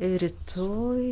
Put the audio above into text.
rytoj